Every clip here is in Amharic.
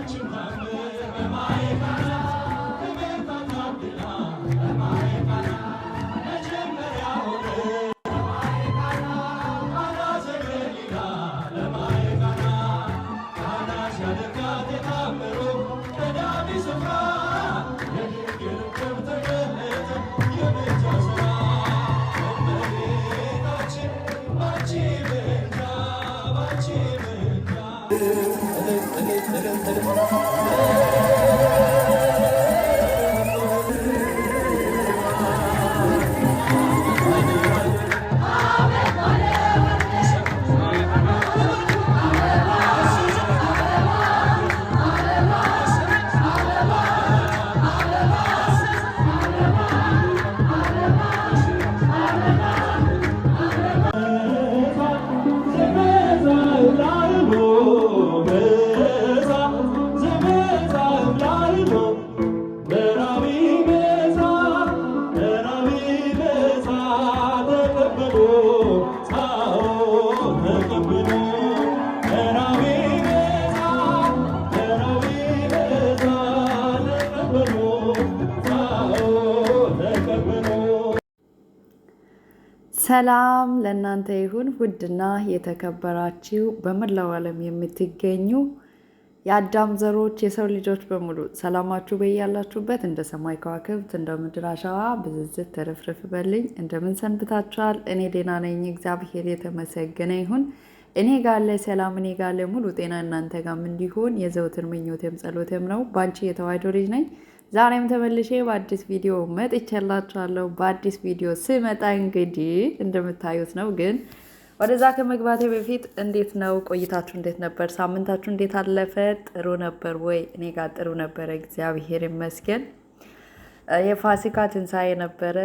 watching my ሰላም ለእናንተ ይሁን ውድና የተከበራችሁ በመላው ዓለም የምትገኙ የአዳም ዘሮች የሰው ልጆች በሙሉ ሰላማችሁ በያላችሁበት እንደ ሰማይ ከዋክብት እንደ ምድር አሸዋ ብዝዝት ተረፍርፍ በልኝ። እንደምን ሰንብታችኋል? እኔ ደህና ነኝ፣ እግዚአብሔር የተመሰገነ ይሁን። እኔ ጋለ ሰላም፣ እኔ ጋለ ሙሉ ጤና እናንተ ጋም እንዲሆን የዘውትር ምኞቴም ጸሎቴም ነው። ባንቺ የተዋሕዶ ልጅ ነኝ። ዛሬም ተመልሼ በአዲስ ቪዲዮ መጥቼላችኋለሁ። በአዲስ ቪዲዮ ስመጣ እንግዲህ እንደምታዩት ነው። ግን ወደዛ ከመግባቴ በፊት እንዴት ነው ቆይታችሁ? እንዴት ነበር? ሳምንታችሁ እንዴት አለፈ? ጥሩ ነበር ወይ? እኔ ጋር ጥሩ ነበረ፣ እግዚአብሔር ይመስገን። የፋሲካ ትንሣኤ ነበረ።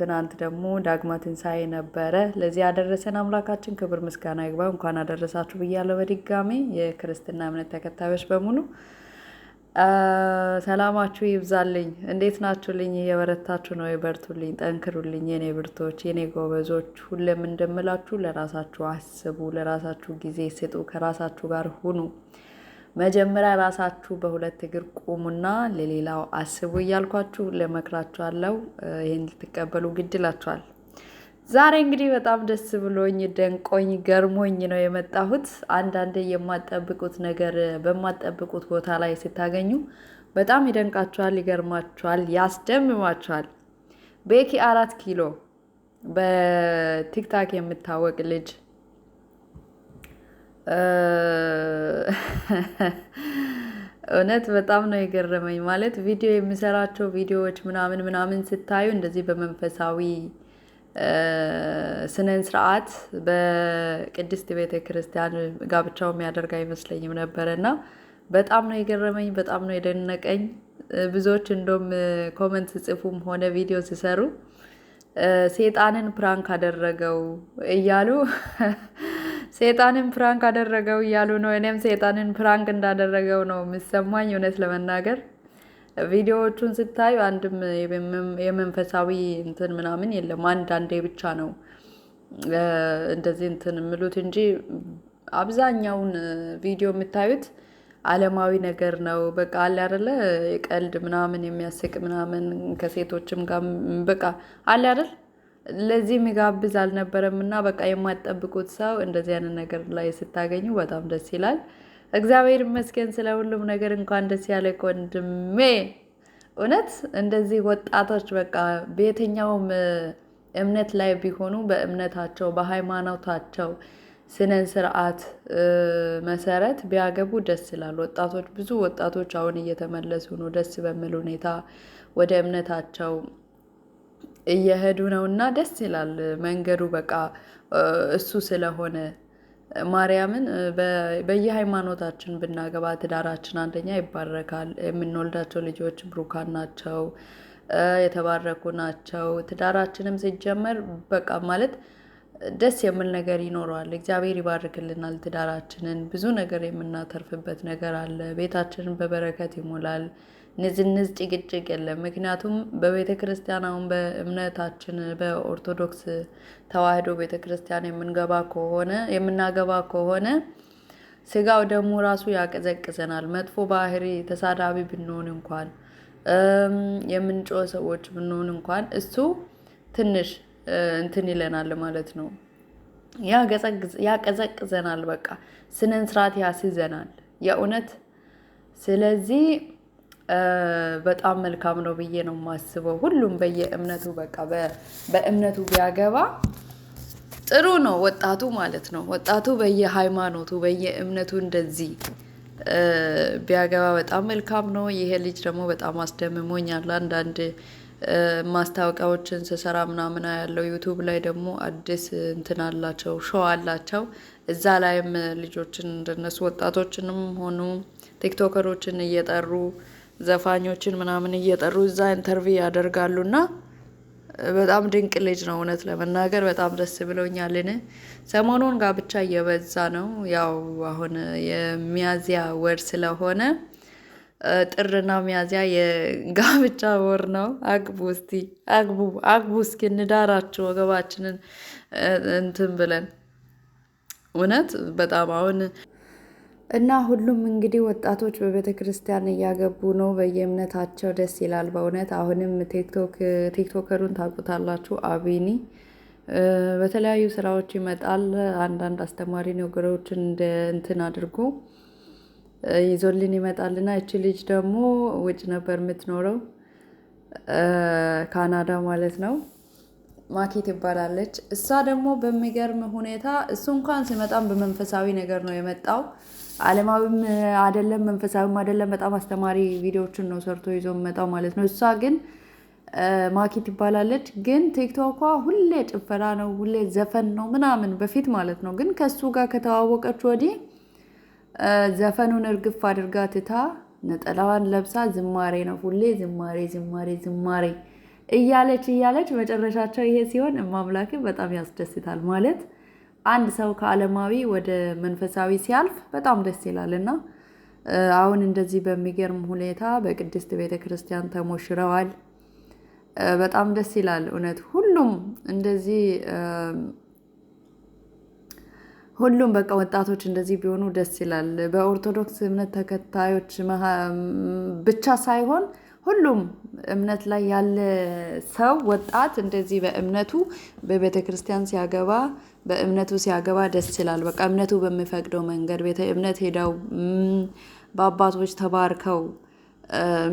ትናንት ደግሞ ዳግማ ትንሣኤ ነበረ። ለዚህ ያደረሰን አምላካችን ክብር ምስጋና ይግባ። እንኳን አደረሳችሁ ብያለሁ በድጋሚ የክርስትና እምነት ተከታዮች በሙሉ ሰላማችሁ ይብዛልኝ። እንዴት ናችሁልኝ? እየበረታችሁ ነው። ይበርቱልኝ፣ ጠንክሩልኝ፣ የኔ ብርቶች፣ የኔ ጎበዞች። ሁሌም እንደምላችሁ ለራሳችሁ አስቡ፣ ለራሳችሁ ጊዜ ስጡ፣ ከራሳችሁ ጋር ሁኑ። መጀመሪያ ራሳችሁ በሁለት እግር ቁሙና ለሌላው አስቡ እያልኳችሁ ለመክራችኋለሁ። ይህን ልትቀበሉ ግድላችኋል። ዛሬ እንግዲህ በጣም ደስ ብሎኝ ደንቆኝ ገርሞኝ ነው የመጣሁት። አንዳንዴ የማጠብቁት ነገር በማጠብቁት ቦታ ላይ ስታገኙ በጣም ይደንቃችኋል፣ ይገርማችኋል፣ ያስደምማችኋል። ቤኪ አራት ኪሎ በቲክታክ የምታወቅ ልጅ እውነት በጣም ነው የገረመኝ። ማለት ቪዲዮ የሚሰራቸው ቪዲዮዎች ምናምን ምናምን ስታዩ እንደዚህ በመንፈሳዊ ስነን ስርዓት በቅድስት ቤተ ክርስቲያን ጋብቻው የሚያደርግ አይመስለኝም ነበረ እና በጣም ነው የገረመኝ፣ በጣም ነው የደነቀኝ። ብዙዎች እንደም ኮመንት ጽፉም ሆነ ቪዲዮ ሲሰሩ ሴጣንን ፕራንክ አደረገው እያሉ ሴጣንን ፕራንክ አደረገው እያሉ ነው። እኔም ሴጣንን ፕራንክ እንዳደረገው ነው የሚሰማኝ እውነት ለመናገር ቪዲዮዎቹን ስታዩ አንድም የመንፈሳዊ እንትን ምናምን የለም። አንዳንዴ ብቻ ነው እንደዚህ እንትን የምሉት እንጂ አብዛኛውን ቪዲዮ የምታዩት አለማዊ ነገር ነው። በቃ አለ አይደለ ቀልድ ምናምን የሚያስቅ ምናምን ከሴቶችም ጋር በቃ አለ አይደል ለዚህ የሚጋብዝ አልነበረም እና በቃ የማትጠብቁት ሰው እንደዚህ አይነት ነገር ላይ ስታገኙ በጣም ደስ ይላል። እግዚአብሔር ይመስገን ስለ ሁሉም ነገር። እንኳን ደስ ያለ ወንድሜ። እውነት እንደዚህ ወጣቶች በቃ በየትኛውም እምነት ላይ ቢሆኑ በእምነታቸው በሃይማኖታቸው ስነ ስርዓት መሰረት ቢያገቡ ደስ ይላል። ወጣቶች ብዙ ወጣቶች አሁን እየተመለሱ ነው፣ ደስ በሚል ሁኔታ ወደ እምነታቸው እየሄዱ ነው እና ደስ ይላል መንገዱ በቃ እሱ ስለሆነ ማርያምን በየሃይማኖታችን ብናገባ ትዳራችን አንደኛ ይባረካል። የምንወልዳቸው ልጆች ብሩካን ናቸው፣ የተባረኩ ናቸው። ትዳራችንም ሲጀመር በቃ ማለት ደስ የምል ነገር ይኖረዋል። እግዚአብሔር ይባርክልናል ትዳራችንን። ብዙ ነገር የምናተርፍበት ነገር አለ። ቤታችንን በበረከት ይሞላል። ንዝንዝ ጭቅጭቅ የለም። ምክንያቱም በቤተ ክርስቲያን አሁን በእምነታችን በኦርቶዶክስ ተዋህዶ ቤተ ክርስቲያን የምንገባ ከሆነ የምናገባ ከሆነ ስጋው ደግሞ ራሱ ያቀዘቅዘናል። መጥፎ ባህሪ ተሳዳቢ ብንሆን እንኳን የምንጮ ሰዎች ብንሆን እንኳን እሱ ትንሽ እንትን ይለናል ማለት ነው። ያቀዘቅዘናል፣ በቃ ስነን ስርዓት ያስይዘናል የእውነት ስለዚህ በጣም መልካም ነው ብዬ ነው የማስበው። ሁሉም በየእምነቱ በቃ በእምነቱ ቢያገባ ጥሩ ነው። ወጣቱ ማለት ነው ወጣቱ በየሃይማኖቱ በየእምነቱ እንደዚህ ቢያገባ በጣም መልካም ነው። ይሄ ልጅ ደግሞ በጣም አስደምሞኛል። አንዳንድ ማስታወቂያዎችን ስሰራ ምናምን ያለው ዩቱብ ላይ ደግሞ አዲስ እንትን አላቸው አላቸው። እዛ ላይም ልጆችን እንደነሱ ወጣቶችንም ሆኑ ቲክቶከሮችን እየጠሩ ዘፋኞችን ምናምን እየጠሩ እዛ ኢንተርቪው ያደርጋሉና በጣም ድንቅ ልጅ ነው። እውነት ለመናገር በጣም ደስ ብሎኛልን። ሰሞኑን ጋብቻ እየበዛ ነው። ያው አሁን የሚያዝያ ወር ስለሆነ ጥርና ሚያዝያ የጋብቻ ወር ነው። አግቡ እስቲ አግቡ አግቡ፣ እስኪ እንዳራችሁ ወገባችንን እንትን ብለን እውነት በጣም አሁን እና ሁሉም እንግዲህ ወጣቶች በቤተ ክርስቲያን እያገቡ ነው። በየእምነታቸው ደስ ይላል በእውነት አሁንም ቲክቶከሩን ታውቁታላችሁ። አቢኒ በተለያዩ ስራዎች ይመጣል። አንዳንድ አስተማሪ ነገሮችን እንደ እንትን አድርጎ ይዞልን ይመጣልና እቺ ልጅ ደግሞ ውጭ ነበር የምትኖረው ካናዳ ማለት ነው። ማኪ ትባላለች። እሷ ደግሞ በሚገርም ሁኔታ እሱ እንኳን ሲመጣም በመንፈሳዊ ነገር ነው የመጣው። አለማዊም አይደለም መንፈሳዊም አይደለም። በጣም አስተማሪ ቪዲዮዎችን ነው ሰርቶ ይዞ መጣው ማለት ነው። እሷ ግን ማኪ ትባላለች። ግን ቲክቶኳ ሁሌ ጭፈራ ነው፣ ሁሌ ዘፈን ነው ምናምን በፊት ማለት ነው። ግን ከሱ ጋር ከተዋወቀች ወዲህ ዘፈኑን እርግፍ አድርጋ ትታ ነጠላዋን ለብሳ ዝማሬ ነው ሁሌ ዝማሬ ዝማሬ ዝማሬ እያለች እያለች መጨረሻቸው ይሄ ሲሆን እማምላክን በጣም ያስደስታል ማለት አንድ ሰው ከዓለማዊ ወደ መንፈሳዊ ሲያልፍ በጣም ደስ ይላል እና አሁን እንደዚህ በሚገርም ሁኔታ በቅድስት ቤተ ክርስቲያን ተሞሽረዋል። በጣም ደስ ይላል። እውነት ሁሉም እንደዚህ ሁሉም በቃ ወጣቶች እንደዚህ ቢሆኑ ደስ ይላል። በኦርቶዶክስ እምነት ተከታዮች ብቻ ሳይሆን ሁሉም እምነት ላይ ያለ ሰው ወጣት እንደዚህ በእምነቱ በቤተ ክርስቲያን ሲያገባ በእምነቱ ሲያገባ ደስ ይላል። በቃ እምነቱ በሚፈቅደው መንገድ ቤተ እምነት ሄደው በአባቶች ተባርከው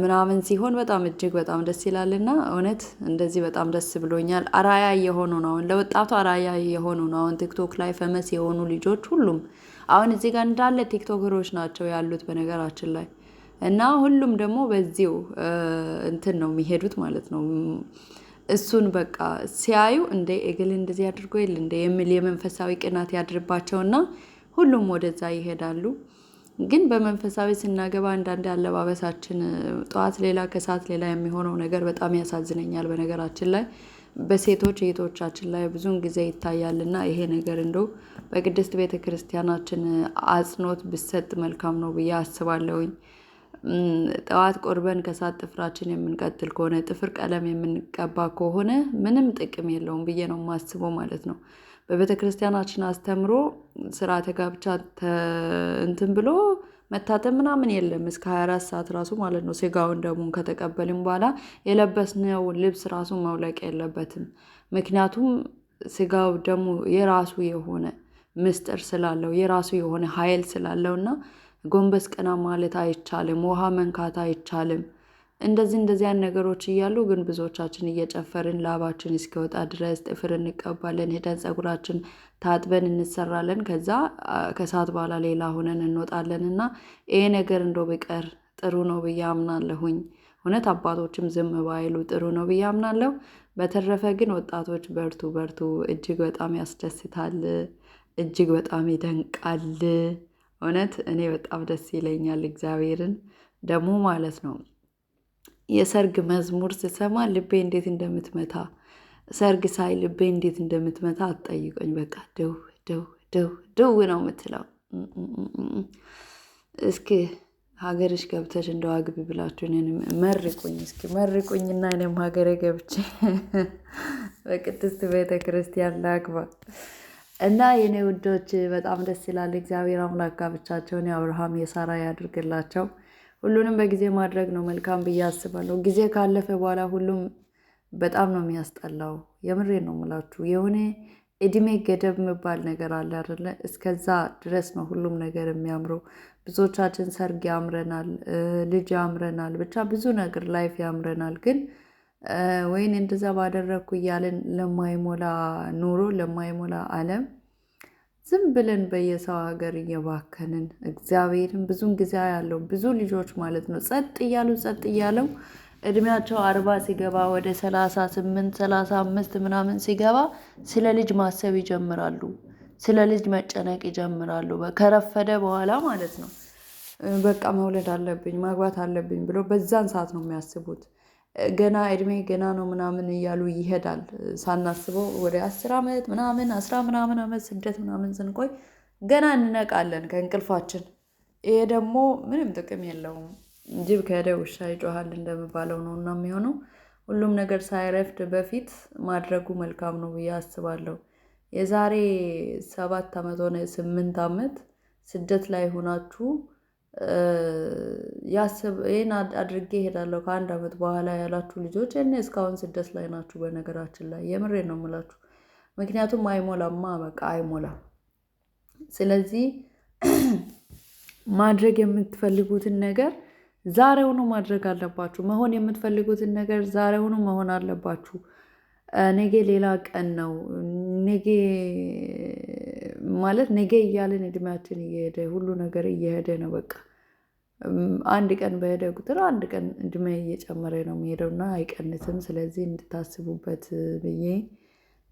ምናምን ሲሆን በጣም እጅግ በጣም ደስ ይላል እና እውነት እንደዚህ በጣም ደስ ብሎኛል። አራያ የሆኑ ነው አሁን ለወጣቱ አራያ የሆኑ ነው አሁን ቲክቶክ ላይ ፈመስ የሆኑ ልጆች ሁሉም አሁን እዚህ ጋር እንዳለ ቲክቶከሮች ናቸው ያሉት በነገራችን ላይ እና ሁሉም ደግሞ በዚው እንትን ነው የሚሄዱት ማለት ነው። እሱን በቃ ሲያዩ እንደ እግል እንደዚህ አድርጎ የለ እንደ የሚል የመንፈሳዊ ቅናት ያድርባቸውና ሁሉም ወደዛ ይሄዳሉ። ግን በመንፈሳዊ ስናገባ አንዳንድ አለባበሳችን ጠዋት ሌላ ከሰዓት ሌላ የሚሆነው ነገር በጣም ያሳዝነኛል። በነገራችን ላይ በሴቶች እህቶቻችን ላይ ብዙውን ጊዜ ይታያልና ይሄ ነገር እንደው በቅድስት ቤተ ክርስቲያናችን አጽንኦት ብሰጥ መልካም ነው ብዬ አስባለሁኝ። ጠዋት ቆርበን ከሳት ጥፍራችን የምንቀጥል ከሆነ ጥፍር ቀለም የምንቀባ ከሆነ ምንም ጥቅም የለውም ብዬ ነው የማስበው ማለት ነው። በቤተ ክርስቲያናችን አስተምሮ ስርዓተ ጋብቻ እንትን ብሎ መታተም ምናምን የለም እስከ 24 ሰዓት ራሱ ማለት ነው። ስጋውን ደሙን ከተቀበልን በኋላ የለበስነው ልብስ ራሱ መውለቅ የለበትም። ምክንያቱም ስጋው ደግሞ የራሱ የሆነ ምስጢር ስላለው የራሱ የሆነ ኃይል ስላለውና ጎንበስ ቀና ማለት አይቻልም፣ ውሃ መንካት አይቻልም። እንደዚህ እንደዚያ ነገሮች እያሉ ግን ብዙዎቻችን እየጨፈርን ላባችን እስኪወጣ ድረስ ጥፍር እንቀባለን፣ ሄደን ጸጉራችን ታጥበን እንሰራለን። ከዛ ከሰዓት በኋላ ሌላ ሆነን እንወጣለን እና ይሄ ነገር እንደው ብቀር ጥሩ ነው ብዬ አምናለሁኝ። እውነት አባቶችም ዝም ባይሉ ጥሩ ነው ብዬ አምናለሁ። በተረፈ ግን ወጣቶች በርቱ በርቱ። እጅግ በጣም ያስደስታል። እጅግ በጣም ይደንቃል። እውነት እኔ በጣም ደስ ይለኛል። እግዚአብሔርን ደግሞ ማለት ነው የሰርግ መዝሙር ስሰማ ልቤ እንዴት እንደምትመታ ሰርግ ሳይ ልቤ እንዴት እንደምትመታ አትጠይቆኝ። በቃ ድው ድው ድው ድው ነው የምትለው። እስኪ ሀገርሽ ገብተሽ እንደው አግቢ ብላችሁ እኔንም መርቁኝ፣ እስኪ መርቁኝና እኔም ሀገሬ ገብቼ በቅድስት ቤተ ክርስቲያን ላግባ። እና የኔ ውዶች በጣም ደስ ይላል። እግዚአብሔር አምላክ ጋብቻቸውን የአብርሃም የሳራ ያድርግላቸው። ሁሉንም በጊዜ ማድረግ ነው መልካም ብዬ አስባለሁ። ጊዜ ካለፈ በኋላ ሁሉም በጣም ነው የሚያስጠላው። የምሬ ነው የምላችሁ የሆነ እድሜ ገደብ የሚባል ነገር አለ አይደለ? እስከዛ ድረስ ነው ሁሉም ነገር የሚያምረው። ብዙዎቻችን ሰርግ ያምረናል፣ ልጅ ያምረናል፣ ብቻ ብዙ ነገር ላይፍ ያምረናል ግን ወይን እንደዛ ባደረግኩ እያለን ለማይሞላ ኑሮ ለማይሞላ ዓለም ዝም ብለን በየሰው ሀገር እየባከንን እግዚአብሔርን ብዙን ጊዜ ያለው ብዙ ልጆች ማለት ነው ጸጥ እያሉ ጸጥ እያለው እድሜያቸው አርባ ሲገባ ወደ ሰላሳ ስምንት ሰላሳ አምስት ምናምን ሲገባ ስለ ልጅ ማሰብ ይጀምራሉ። ስለ ልጅ መጨነቅ ይጀምራሉ። ከረፈደ በኋላ ማለት ነው። በቃ መውለድ አለብኝ ማግባት አለብኝ ብሎ በዛን ሰዓት ነው የሚያስቡት። ገና እድሜ ገና ነው ምናምን እያሉ ይሄዳል። ሳናስበው ወደ አስር ዓመት ምናምን አስራ ምናምን ዓመት ስደት ምናምን ስንቆይ ገና እንነቃለን ከእንቅልፋችን። ይሄ ደግሞ ምንም ጥቅም የለውም። ጅብ ከሄደ ውሻ ይጮሃል እንደሚባለው ነው እና የሚሆነው ሁሉም ነገር ሳይረፍድ በፊት ማድረጉ መልካም ነው ብዬ አስባለሁ። የዛሬ ሰባት ዓመት ሆነ ስምንት ዓመት ስደት ላይ ሆናችሁ ይህን አድርጌ ይሄዳለሁ ከአንድ ዓመት በኋላ ያላችሁ ልጆች እኔ እስካሁን ስደት ላይ ናችሁ። በነገራችን ላይ የምሬ ነው የምላችሁ፣ ምክንያቱም አይሞላማ፣ በቃ አይሞላም። ስለዚህ ማድረግ የምትፈልጉትን ነገር ዛሬውኑ ማድረግ አለባችሁ። መሆን የምትፈልጉትን ነገር ዛሬውኑ መሆን አለባችሁ። ነገ ሌላ ቀን ነው። ነገ ማለት ነገ እያለን እድሜያችን እየሄደ ሁሉ ነገር እየሄደ ነው በቃ አንድ ቀን በሄደ ቁጥር አንድ ቀን እድሜ እየጨመረ ነው እና አይቀንስም። ስለዚህ እንድታስቡበት ብዬ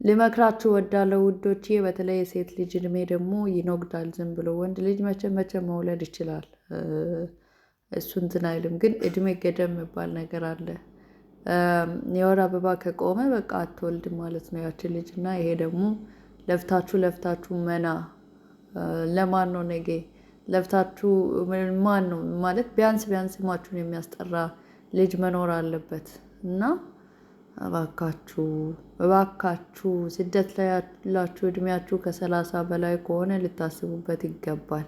ልመክራችሁ ወዳለው ውዶቼ። በተለይ የሴት ልጅ እድሜ ደግሞ ይኖግዳል ዝም ብሎ ወንድ ልጅ መቼ መቼ መውለድ ይችላል፣ እሱ እንትን አይልም። ግን እድሜ ገደም የሚባል ነገር አለ። የወር አበባ ከቆመ በቃ አትወልድም ማለት ነው ያችን ልጅ እና ይሄ ደግሞ ለፍታችሁ ለፍታችሁ መና ለማን ነው ነገ ለብታችሁ ማን ነው ማለት ቢያንስ ቢያንስ ስማችሁን የሚያስጠራ ልጅ መኖር አለበት እና እባካችሁ እባካችሁ ስደት ላይ ያላችሁ እድሜያችሁ ከሰላሳ በላይ ከሆነ ልታስቡበት ይገባል።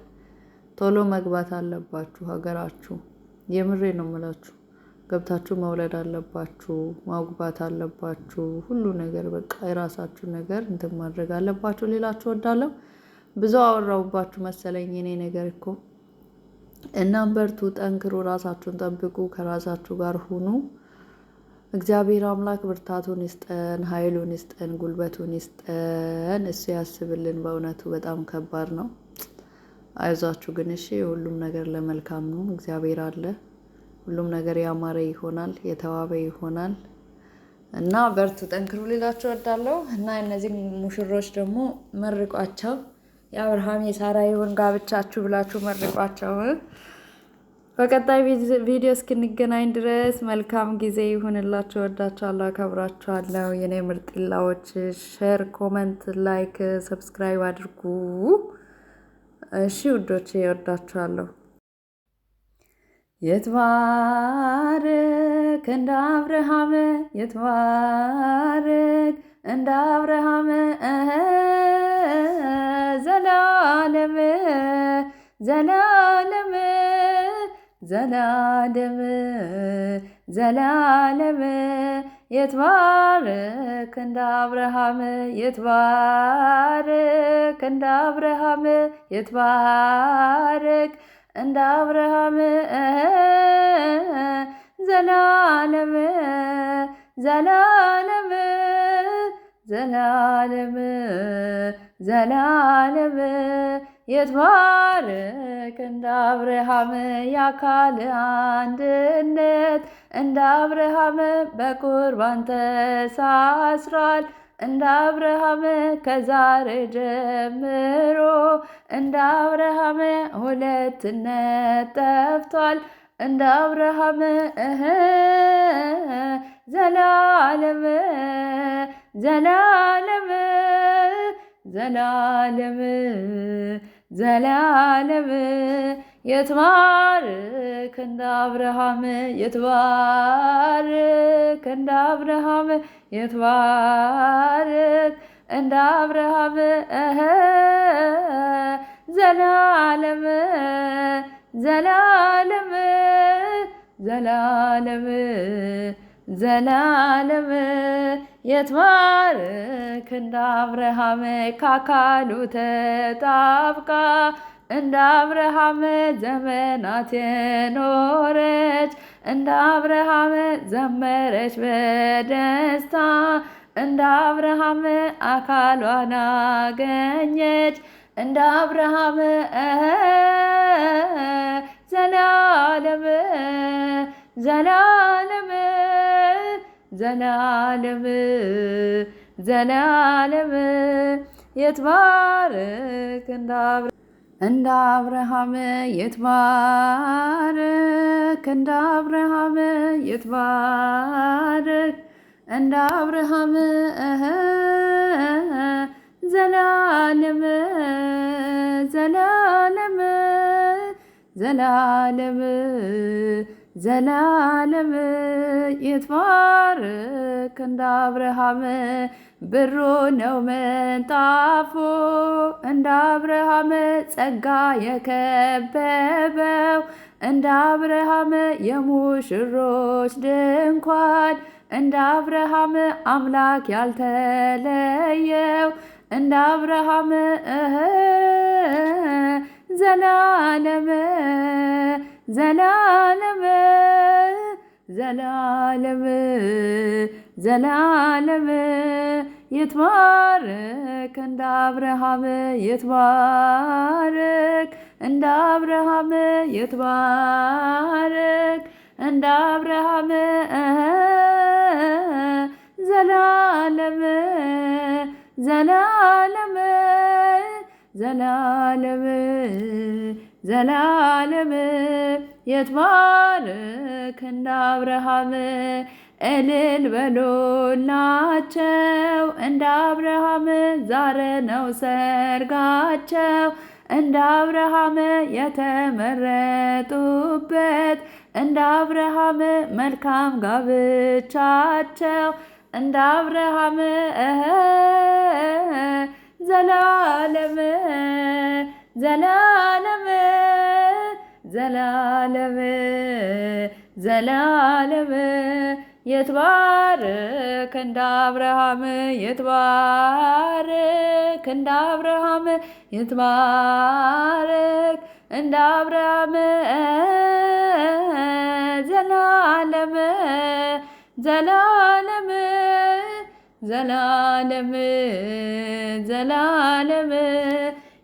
ቶሎ መግባት አለባችሁ ሀገራችሁ። የምሬ ነው የምላችሁ። ገብታችሁ መውለድ አለባችሁ፣ ማግባት አለባችሁ። ሁሉ ነገር በቃ የራሳችሁ ነገር እንትን ማድረግ አለባችሁ። ሌላችሁ ወዳለው ብዙ አወራውባችሁ መሰለኝ እኔ ነገር እኮ። እናም በርቱ፣ ጠንክሩ፣ ራሳችሁን ጠብቁ፣ ከራሳችሁ ጋር ሁኑ። እግዚአብሔር አምላክ ብርታቱን ይስጠን፣ ኃይሉን ይስጠን፣ ጉልበቱን ይስጠን። እሱ ያስብልን። በእውነቱ በጣም ከባድ ነው። አይዟችሁ ግን እሺ። ሁሉም ነገር ለመልካም ነው። እግዚአብሔር አለ። ሁሉም ነገር ያማረ ይሆናል፣ የተዋበ ይሆናል እና በርቱ፣ ጠንክሩ ልላችሁ እወዳለሁ እና እነዚህ ሙሽሮች ደግሞ መርቋቸው የአብርሃም የሳራ ይሁን ጋብቻችሁ ብላችሁ መርቋቸው። በቀጣይ ቪዲዮ እስክንገናኝ ድረስ መልካም ጊዜ ይሁንላችሁ። ወዳችኋለሁ፣ አከብራችኋለሁ። የኔ ምርጥላዎች ሼር፣ ኮመንት፣ ላይክ፣ ሰብስክራይብ አድርጉ። እሺ ውዶች፣ ወዳችኋለሁ። የትባረክ እንደ አብርሃም የትባረክ እንደ አብርሃም ዘላለም ዘላለም ዘላለም ዘላለም የትባርክ እንደ አብርሃም የትባርክ እንደ አብርሃም የትባርክ እንደ አብርሃም ዘላለም ዘላለም ዘላለም ዘላለም ይትባረክ እንደ አብርሃም ያካል አንድነት እንደ አብርሃም በቁርባን ተሳስሯል። እንደ አብርሃም ከዛሬ ጀምሮ እንደ አብርሃም ሁለትነት ጠፍቷል። እንደ አብርሃም እህ ዘላለም ዘላለም ዘላለም ዘላለም የትባርክ እንደ አብርሃም የትባርክ እንደ አብርሃም የትባርክ እንደ አብርሃም ዘላለም ዘላለም ዘላለም ዘላለም የትባረክ እንደ አብርሃም ካካሉ ተጣብቃ እንደ አብርሃም ዘመናት የኖረች እንደ አብርሃም ዘመረች በደስታ እንደ አብርሃም አካሏን አገኘች እንደ አብርሃም ዘላለም ዘላለም ዘላለም ዘላለም የትባረክ እንደ አብርሃም የትባረክ እንደ አብርሃም የትባረክ እንደ አብርሃም ዘላለም ዘላለም ዘላለም ዘላለም ይትባረክ እንደ አብርሃም ብሩ ነው ምንጣፉ እንደ አብርሃም ጸጋ የከበበው እንደ አብርሃም የሙሽሮች ድንኳን እንደ አብርሃም አምላክ ያልተለየው እንደ አብርሃም ዘላለም ዘላለም ዘላለም ዘላለም የትባረክ እንደ አብርሃም የትባረክ እንደ አብርሃም የትባረክ እንደ አብርሃም ዘላለም ዘላለም ዘላለም ዘላለም የትባርክ እንደ አብርሃም እልል በሎላቸው እንደ አብርሃም ዛሬ ነው ሰርጋቸው እንደ አብርሃም የተመረጡበት እንደ አብርሃም መልካም ጋብቻቸው እንደ አብርሃም ዘላለም ዘላለም ዘላለም ዘላለም የትባርክ እንደ አብርሃም የትባርክ እንደ አብርሃም የትባርክ እንደ አብርሃም ዘላለም ዘላለም ዘላለም ዘላለም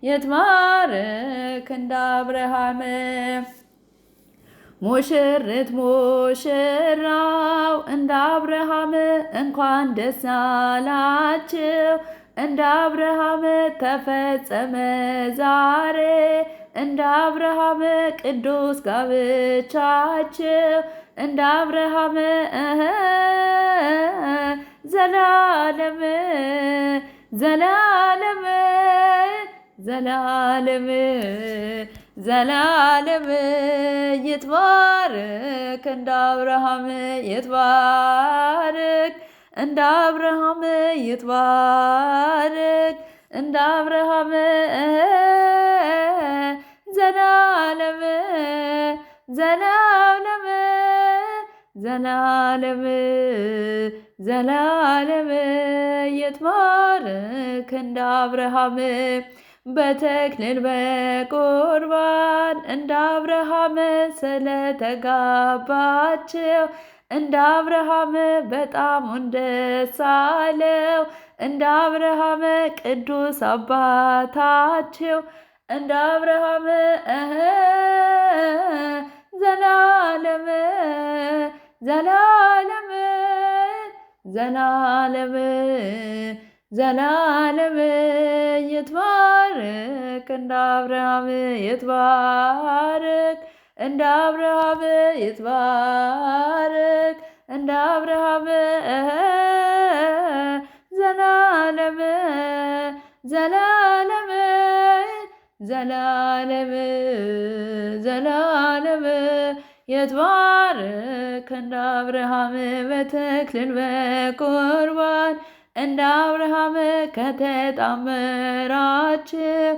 ይትባረክ እንደ አብርሃም ሙሽርት ሙሽራው እንደ አብርሃም እንኳን ደስ አላችሁ። እንደ አብርሃም ተፈጸመ ዛሬ እንደ አብርሃም ቅዱስ ጋብቻችሁ እንደ አብርሃም ዘላለም ዘላለም ዘላለም ዘላለም ይትባረክ እንደ አብርሃም ይትባረክ እንደ አብርሃም ይትባረክ እንደ አብርሃም ዘላለም ዘላለም ዘላለም ዘላለም ይትባረክ እንደ አብርሃም በተክልል በቁርባን እንደ አብርሃም ስለተጋባቸው እንደ አብርሃም በጣም እንደሳለው እንደ አብርሃም ቅዱስ አባታቸው እንደ አብርሃም ዘላለም ዘላለም ዘላለም ዘላለም ይትባረክ እንደ አብርሃም ይትባረክ እንደ አብርሃም ይትባረክ እንደ አብርሃም ዘላለም ዘላለም ዘላለም ዘላለም ይትባረክ እንደ አብርሃም በተክሊል በቁርባን እንደ አብርሃም ከተጣመራችሁ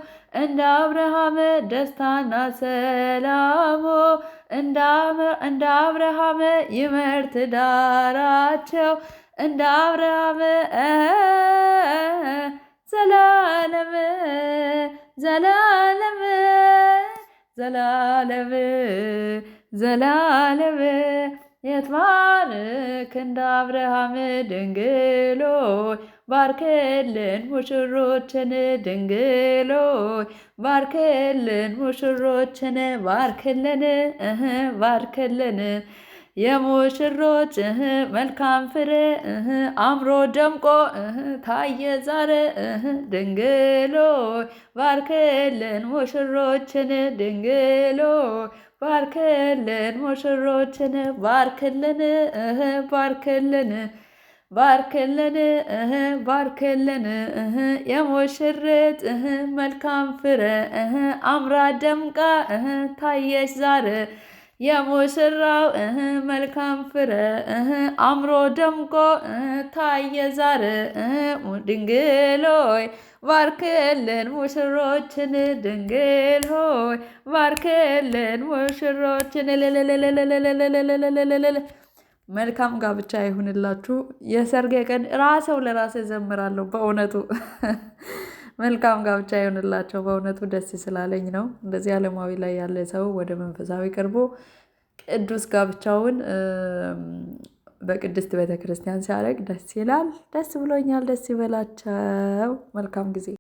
እንደ አብርሃም ደስታና ሰላሙ እንደ አብርሃም ይመርት ዳራቸው እንደ አብርሃም ዘላለም ዘላለም ዘላለም ዘላለም የትባርክ እንደ አብርሃም ድንግሎይ ባርክልን ሙሽሮችን ድንግሎይ ባርክልን ሙሽሮችን ባርክልን እህ ባርክልን የሙሽሮች እህ መልካም ፍሬ እህ አምሮ ደምቆ እህ ታየ ዛሬ እህ ድንግሎይ ባርክልን ሙሽሮችን ድንግሎይ ባርክልን ሙሽሮችን ባርክልን እህ ባርክልን ባርክልን እህ ባርክልን እህ የሙሽርት እህ መልካም ፍረ እህ አምራ ደምቃ እህ ታየች ዛሬ የሙሽራው እህ መልካም ፍረ እህ አምሮ ደምቆ ታየ ዛሬ ድንግል ሆይ ባርክልን ሙሽሮችን ድንግል ሆይ ባርክልን ሙሽሮችን። መልካም ጋብቻ ይሁንላችሁ። የሰርጌ ቀን ራሰው ለራሴ ዘምራለሁ በእውነቱ መልካም ጋብቻ ይሆንላቸው። በእውነቱ ደስ ስላለኝ ነው። እንደዚህ ዓለማዊ ላይ ያለ ሰው ወደ መንፈሳዊ ቀርቦ ቅዱስ ጋብቻውን በቅድስት ቤተክርስቲያን ሲያደርግ ደስ ይላል። ደስ ብሎኛል። ደስ ይበላቸው። መልካም ጊዜ